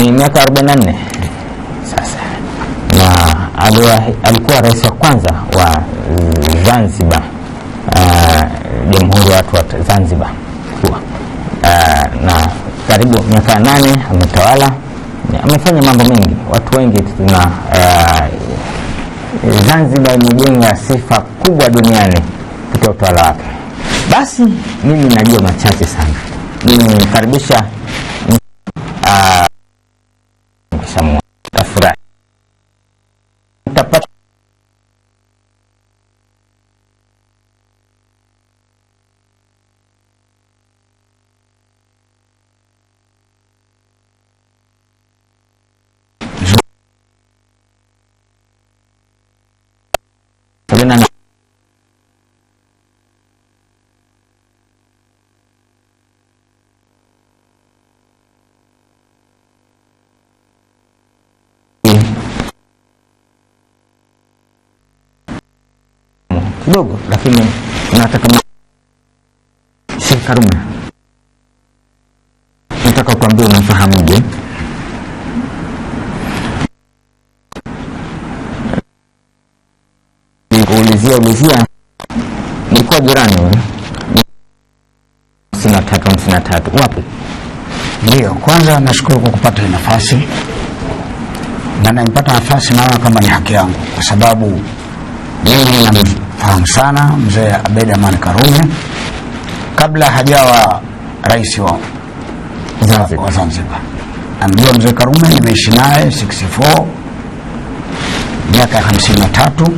ni miaka 44 sasa, na alikuwa rais wa kwanza wa Zanzibar, ah, jamhuri ya watu wa Zanzibar kwa ah, na karibu miaka nane ametawala, amefanya mambo mengi. Watu wengi tuna ah, Zanzibar imejenga sifa kubwa duniani kupitia utawala wake. Basi mimi najua machache sana, nimemkaribisha dengan kidogo lakini nataka si karuma, nataka kuambia umfahamuje kujielezea, nilikuwa jirani hamsini na tatu hamsini na tatu wapi? Ndio, kwanza nashukuru kwa kupata hii nafasi na naipata nafasi, naona kama ni haki yangu, kwa sababu mimi namfahamu sana mzee Abedi Amani Karume kabla hajawa rais wa wa Zanzibar. Namjua mzee Karume, nimeishi naye 64 miaka ya 53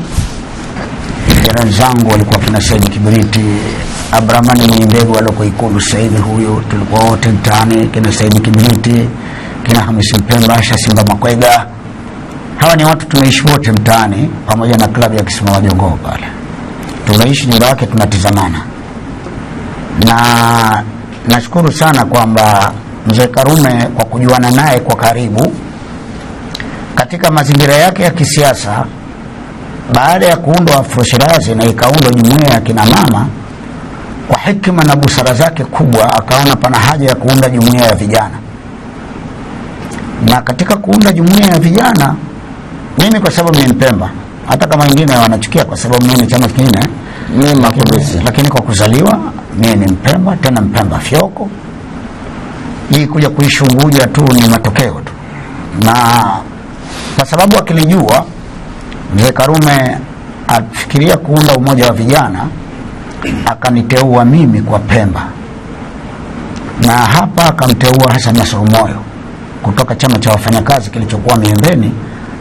Vijana zangu walikuwa kina Saidi Kibiriti, Abramani Mwimbegu aliokuwa Ikulu sasa hivi, huyu tulikuwa wote mtaani, kina Saidi Kibiriti, kina Hamisi Mpemba, Asha Simba Makwega. Hawa ni watu tumeishi wote mtaani pamoja na klabu ya Kisima Jongoo pale, tunaishi nyumba yake, tunatizamana na nashukuru sana kwamba mzee Karume kwa kujuana naye kwa karibu katika mazingira yake ya kisiasa baada ya kuundwa Afro Shirazi na ikaundwa jumuiya ya kina mama, kwa hikima na busara zake kubwa, akaona pana haja ya kuunda jumuiya ya vijana. Na katika kuunda jumuiya ya vijana, mimi kwa sababu ni Mpemba, hata kama wengine wanachukia kwa sababu mimi chama kingine, lakini kwa kuzaliwa mimi ni Mpemba, tena Mpemba fyoko. Hii kuja kuishi Unguja tu ni matokeo tu, na kwa sababu akilijua Mzee Karume alifikiria kuunda umoja wa vijana akaniteua mimi kwa Pemba, na hapa akamteua Hassan Nasoro Moyo kutoka chama cha wafanyakazi kilichokuwa Miembeni,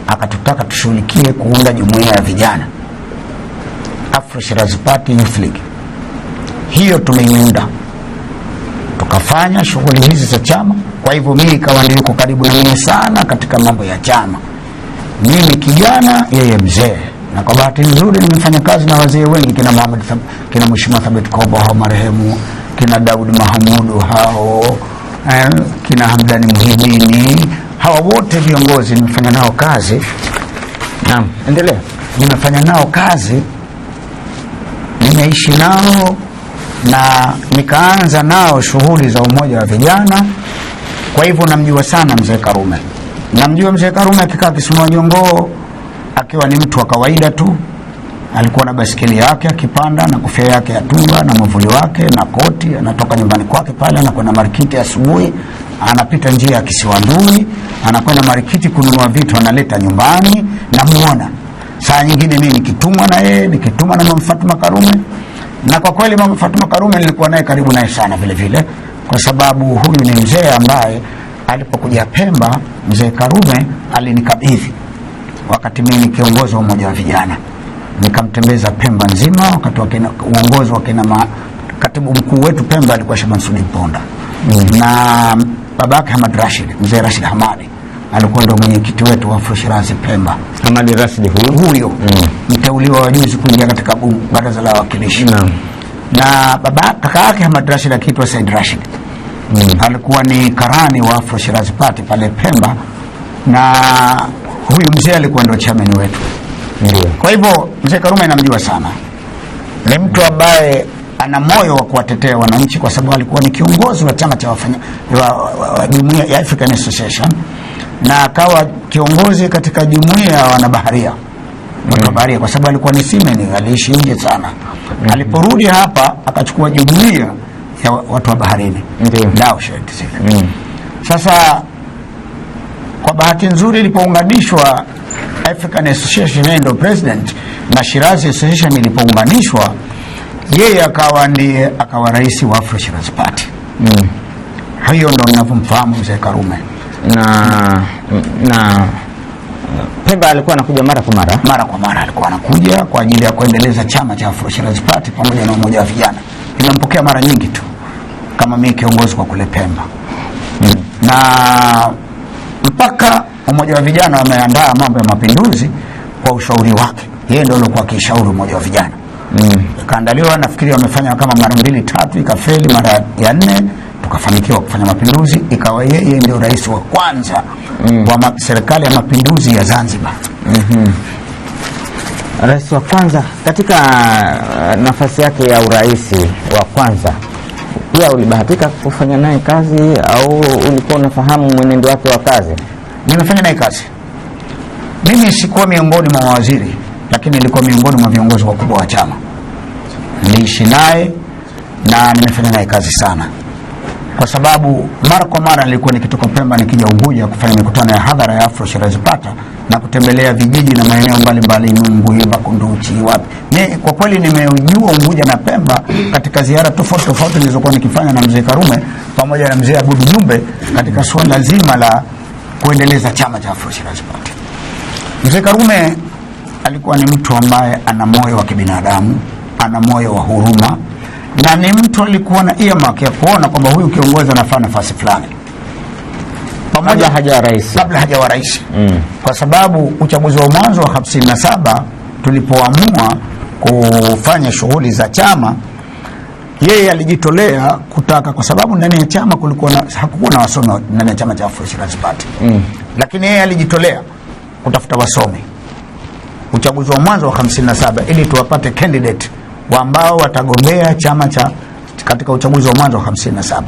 akatutaka tushughulikie kuunda jumuiya ya vijana Afro Shirazi Party Youth League. Hiyo tumeiunda tukafanya shughuli hizi za chama. Kwa hivyo mimi ikawa ndio yuko karibu na mimi sana katika mambo ya chama mimi kijana, yeye mzee, na kwa bahati nzuri nimefanya kazi na wazee wengi, kina Muhammad, kina Mheshimiwa Thabit Kobo hao marehemu, kina Daud Mahamudu hao eh, kina Hamdani Muhidini, hawa wote viongozi nimefanya nao kazi. Naam, endelea. Nimefanya nao kazi, nimeishi nao na nikaanza nao shughuli za umoja wa vijana. Kwa hivyo namjua sana mzee Karume. Namjua mzee Karume akikaa Kisiwa Nyongoo akiwa ni mtu wa kawaida tu, alikuwa na basikeli yake akipanda na kofia yake ya tunga na mavuli wake na koti. Anatoka nyumbani kwake pale anakwenda marikiti asubuhi, anapita njia ya Kisiwa Nduni, anakwenda marikiti kununua vitu, analeta nyumbani. Namuona saa nyingine mimi nikitumwa na yeye, nikitumwa na mama Fatuma Karume. Na kwa kweli mama Fatuma Karume nilikuwa naye karibu naye sana vile vile, kwa sababu huyu ni mzee ambaye alipokuja Pemba mzee Karume alinikabidhi, wakati mimi ni kiongozi wa umoja wa vijana, nikamtembeza Pemba nzima wakati wa uongozi wa kina ma, katibu mkuu wetu Pemba alikuwa Sheikh Mponda mm. na babake Hamad Rashid, mzee Rashid Hamadi alikuwa ndio mwenyekiti wetu wa Afroshirazi Pemba. Hamad Rashid huyo huyo mm. mteuliwa wa juzi kuingia katika baraza la wawakilishi mm. na baba kaka yake Hamad Rashid akiitwa Said Rashid mm. alikuwa ni karani wa Afro Shirazi Party pale Pemba, na huyu mzee alikuwa ndio chairman wetu yeah. Kwa hivyo mzee Karume anamjua sana, ni mtu ambaye ana moyo wa kuwatetea wananchi, kwa sababu alikuwa ni kiongozi wa chama cha wafanya wa jumuiya ya African Association na akawa kiongozi katika jumuiya ya wanabaharia mm. wanabaharia, kwa sababu alikuwa ni simeni, aliishi nje sana. Mm-hmm. Aliporudi hapa akachukua jumuiya ya watu wa baharini nao Sheikh Seif. Mm. Sasa kwa bahati nzuri ilipounganishwa African Association yeye ndio president na Shirazi Association ilipounganishwa yeye akawa ndiye akawa rais wa Afro Shirazi Party. Mm. Hiyo ndo ninavyomfahamu mzee Karume na, na Pemba alikuwa anakuja mara kwa mara mara kwa mara alikuwa anakuja kwa ajili ya kuendeleza chama cha Afro Shirazi Party pamoja na umoja wa vijana. Ninampokea mara nyingi tu kama mimi kiongozi kwa kule Pemba mm. na mpaka umoja wa vijana wameandaa mambo ya mapinduzi kwa ushauri wake, yeye ndio alikuwa akishauri umoja wa vijana mm. Kaandaliwa, nafikiri wamefanya kama mara mbili tatu, ikafeli mara ya nne tukafanikiwa kufanya mapinduzi, ikawa yeye ndio rais wa kwanza mm. wa serikali ya mapinduzi ya Zanzibar mm -hmm. Rais wa kwanza katika uh, nafasi yake ya urais wa kwanza pia ulibahatika kufanya naye kazi au ulikuwa unafahamu mwenendo wake wa kazi? Nimefanya naye kazi. Mimi sikuwa miongoni mwa mawaziri, lakini nilikuwa miongoni mwa viongozi wakubwa wa chama. Niliishi naye na nimefanya naye kazi sana kwa sababu mara kwa mara nilikuwa nikitoka Pemba nikija Unguja kufanya mikutano ya hadhara ya Afro Shirazi Pata na kutembelea vijiji na maeneo mbalimbali Nunguiba, Kunduchi, wapi. Mimi kwa kweli nimejua Unguja na Pemba katika ziara tofauti tofauti nilizokuwa nikifanya na mzee Karume pamoja na mzee Abudu Jumbe katika suala zima la kuendeleza chama cha Afro Shirazi Pata. Mzee Karume alikuwa ni mtu ambaye ana moyo wa kibinadamu, ana moyo wa huruma na ni mtu alikuwa na earmark ya kuona kwamba huyu kiongozi anafaa nafasi fulani, pamoja haja rais kabla haja wa rais mm. Kwa sababu uchaguzi wa mwanzo wa na saba tulipoamua kufanya shughuli za chama, yeye alijitolea kutaka, kwa sababu ndani ya chama kulikuwa na, hakukuwa na wasomi ndani ya chama cha Afro Shirazi Party mm. Lakini yeye alijitolea kutafuta wasomi uchaguzi wa mwanzo wa 57 ili tuwapate candidate ambao watagombea chama cha katika uchaguzi wa mwanzo wa 57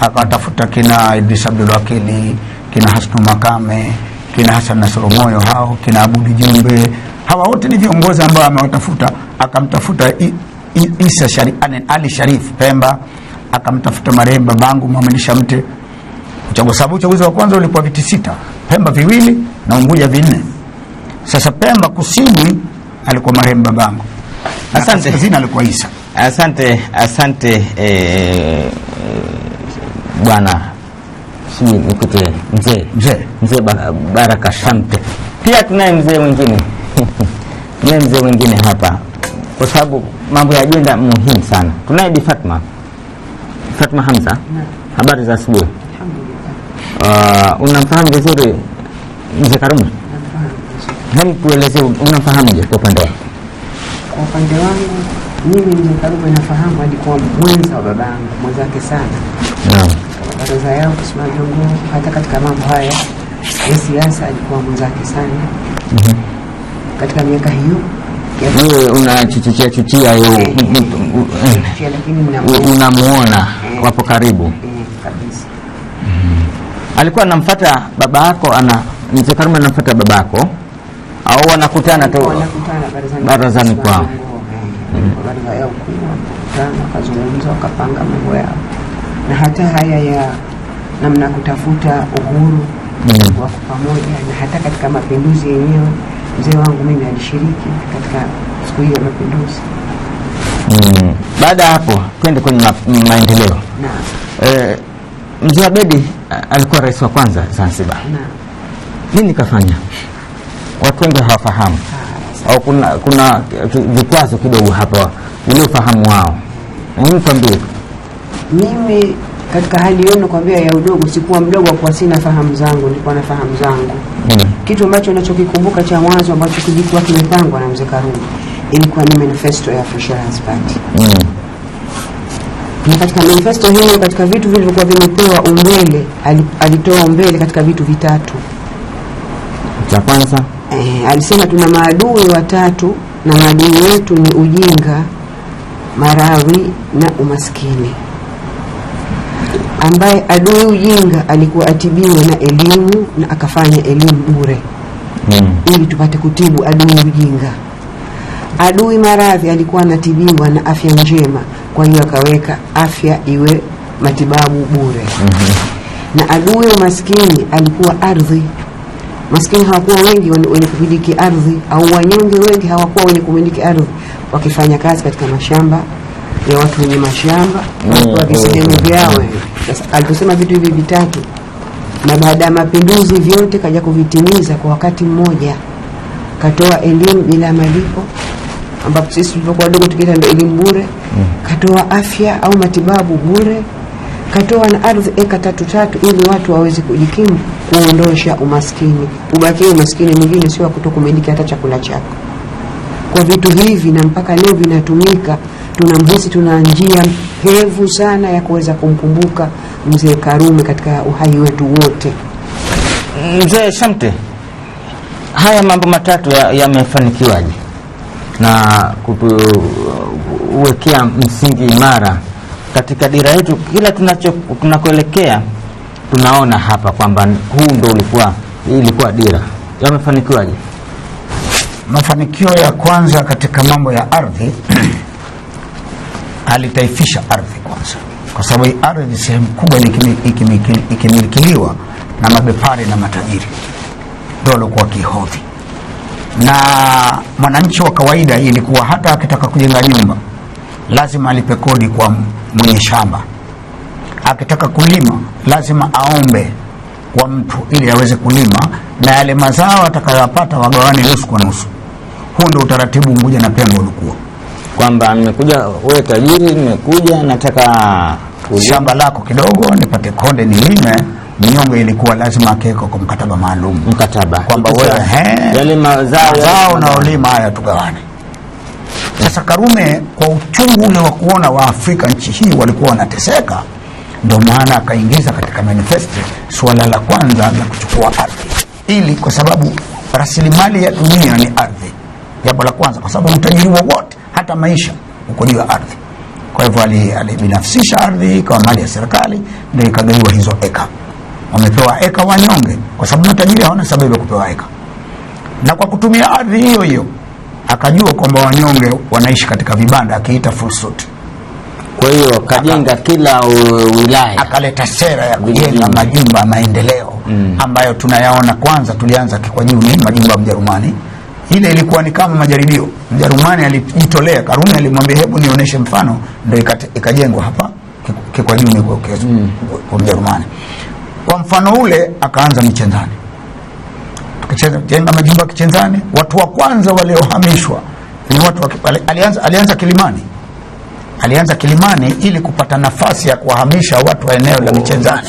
akawatafuta kina Idris Abdul Wakili, kina Hasnu Makame, kina Hasan Nasoromoyo, hao kina Abudi Jumbe, hawa wote ni viongozi ambao amewatafuta. Akamtafuta Isa Shari, Ali Sharif Pemba, akamtafuta marehemu babangu Muhammad Shamte. Uchaguzi sababu uchaguzi wa kwanza ulikuwa viti sita, Pemba viwili na Unguja vinne. Sasa Pemba kusini alikuwa marehemu babangu Asante. Jina alikuwa Isa. Asante, asante eh, eh, bwana sijui nikute mzee mzee mzee Baraka Shamte. Pia tunaye mzee mwingine tunaye mzee mwingine hapa, kwa sababu mambo ya ajenda muhimu sana. Tunaye Bi Fatma Fatma Hamza, habari za asubuhi. Uh, unamfahamu vizuri mzee Karume? Hem, tueleze je kwa upande wako? Kwa upande wangu mimi Mzee nafahamu hadi mwenza wa babangu, mwenzake sana baraza yao kusimama viongozi, hata katika mambo haya ya siasa alikuwa mwenzake sana mm -hmm. katika miaka hiyo wewe unachichia chuchia wewe, eh, mm, mm, eh, mm, eh. unamuona wapo karibu kabisa. Alikuwa anamfuata baba yako, ana Mzee Karume anamfuata baba yako au wanakutana tu barazani kwao wakazungumza wakapanga mambo yao, na hata haya ya namna kutafuta uhuru mm. wa pamoja, na hata katika mapinduzi yenyewe mzee wangu mimi alishiriki katika siku hiyo ya mapinduzi mm. Baada ya hapo twende kwenye maendeleo e, mzee Abedi alikuwa rais wa kwanza Zanzibar, nini kafanya? watu wengi hawafahamu au kuna, kuna vikwazo kidogo hapa, ule ufahamu wao nini? Tuambie. Mimi katika hali yenu kwambia ya udogo, sikuwa mdogo kwa sina fahamu zangu, nilikuwa na fahamu zangu mm. Kitu ambacho ninachokikumbuka cha mwanzo ambacho kilikuwa kimepangwa na mzee Karume ilikuwa ni manifesto ya Freshers Party mm. Na katika manifesto hiyo, katika vitu vilivyokuwa vimepewa umbele, alitoa umbele katika vitu vitatu. Cha kwanza eh, alisema tuna maadui watatu na maadui wetu ni ujinga, maradhi na umaskini, ambaye adui ujinga alikuwa atibiwe na elimu na akafanya elimu bure mm. ili tupate kutibu adui ujinga. Adui maradhi alikuwa anatibiwa na afya njema, kwa hiyo akaweka afya iwe matibabu bure mm -hmm. na adui umaskini alikuwa ardhi Maskini hawakuwa wengi wenye kumiliki ardhi, au wanyonge wengi hawakuwa wenye kumiliki ardhi, wakifanya kazi katika mashamba ya watu wenye mashamba mm, wa visehemu mm, mm. vyao. Aliposema vitu hivi vitatu, na baada ya mapinduzi vyote kaja kuvitimiza kwa wakati mmoja. Katoa elimu bila malipo, ambapo sisi tulipokuwa wadogo tukiita ndio elimu bure. Mm. Katoa afya au matibabu bure katoa na ardhi eka tatu tatu ili watu waweze kujikimu kuondosha umaskini. Ubakie umaskini mwingine sio kutokumiliki hata chakula chako. Kwa vitu hivi na mpaka leo vinatumika, tunamhisi tuna njia hevu sana ya kuweza kumkumbuka mzee Karume katika uhai wetu wote. Mzee Shamte, haya mambo matatu yamefanikiwaje ya na kutuwekea msingi imara katika dira yetu kila tunacho tunakoelekea tunaona hapa kwamba huu ndo ulikuwa ilikuwa dira. Yamefanikiwaje? Mafanikio ya kwanza katika mambo ya ardhi alitaifisha ardhi kwanza, kwa sababu hii ardhi sehemu kubwa ikimilikiliwa na mabepari na matajiri, ndo walikuwa kihodhi, na mwananchi wa kawaida ilikuwa hata akitaka kujenga nyumba lazima alipe kodi kwa mwenye shamba akitaka kulima lazima aombe kwa mtu ili aweze kulima na yale mazao atakayopata wagawane nusu kwa nusu. Huu ndio utaratibu Unguja na Pemba ulikuwa kwamba nimekuja, wewe tajiri, nimekuja nataka shamba lako kidogo nipate konde nilime. Mnyonge ilikuwa lazima akeko kwa mkataba maalum, mkataba kwamba wewe yale mazao unaolima haya tugawane. Sasa Karume kwa uchungu ule wa kuona Waafrika nchi hii walikuwa wanateseka, ndio maana akaingiza katika manifesto suala la kwanza la kuchukua ardhi, ili kwa sababu rasilimali ya dunia ni ardhi, jambo la kwanza, kwa sababu utajiri wowote hata maisha uko juu ya ardhi. Kwa hivyo alibinafsisha ardhi ikawa mali ya serikali, ndio ikagawiwa hizo eka. Wamepewa eka wanyonge, kwa sababu matajiri hawana sababu ya kupewa eka, na kwa kutumia ardhi hiyo hiyo akajua kwamba wanyonge wanaishi katika vibanda, akiita fursut Kwa hiyo kajenga kila uh, wilaya, akaleta sera ya kujenga majumba ya maendeleo mm, ambayo tunayaona. Kwanza tulianza ni majumba ya Mjerumani. Ile ilikuwa ni kama majaribio. Mjerumani alijitolea, Karume alimwambia hebu nionyeshe mfano, ndio ikajengwa hapa Kikwajuni kwa mm. Mjerumani. Kwa mfano ule akaanza Michenzani kujenga majumba ya Kichenzani. Watu wa kwanza waliohamishwa ni watu wa, alianza, alianza Kilimani alianza Kilimani ili kupata nafasi ya kuwahamisha watu wa eneo la oh. Michenzani.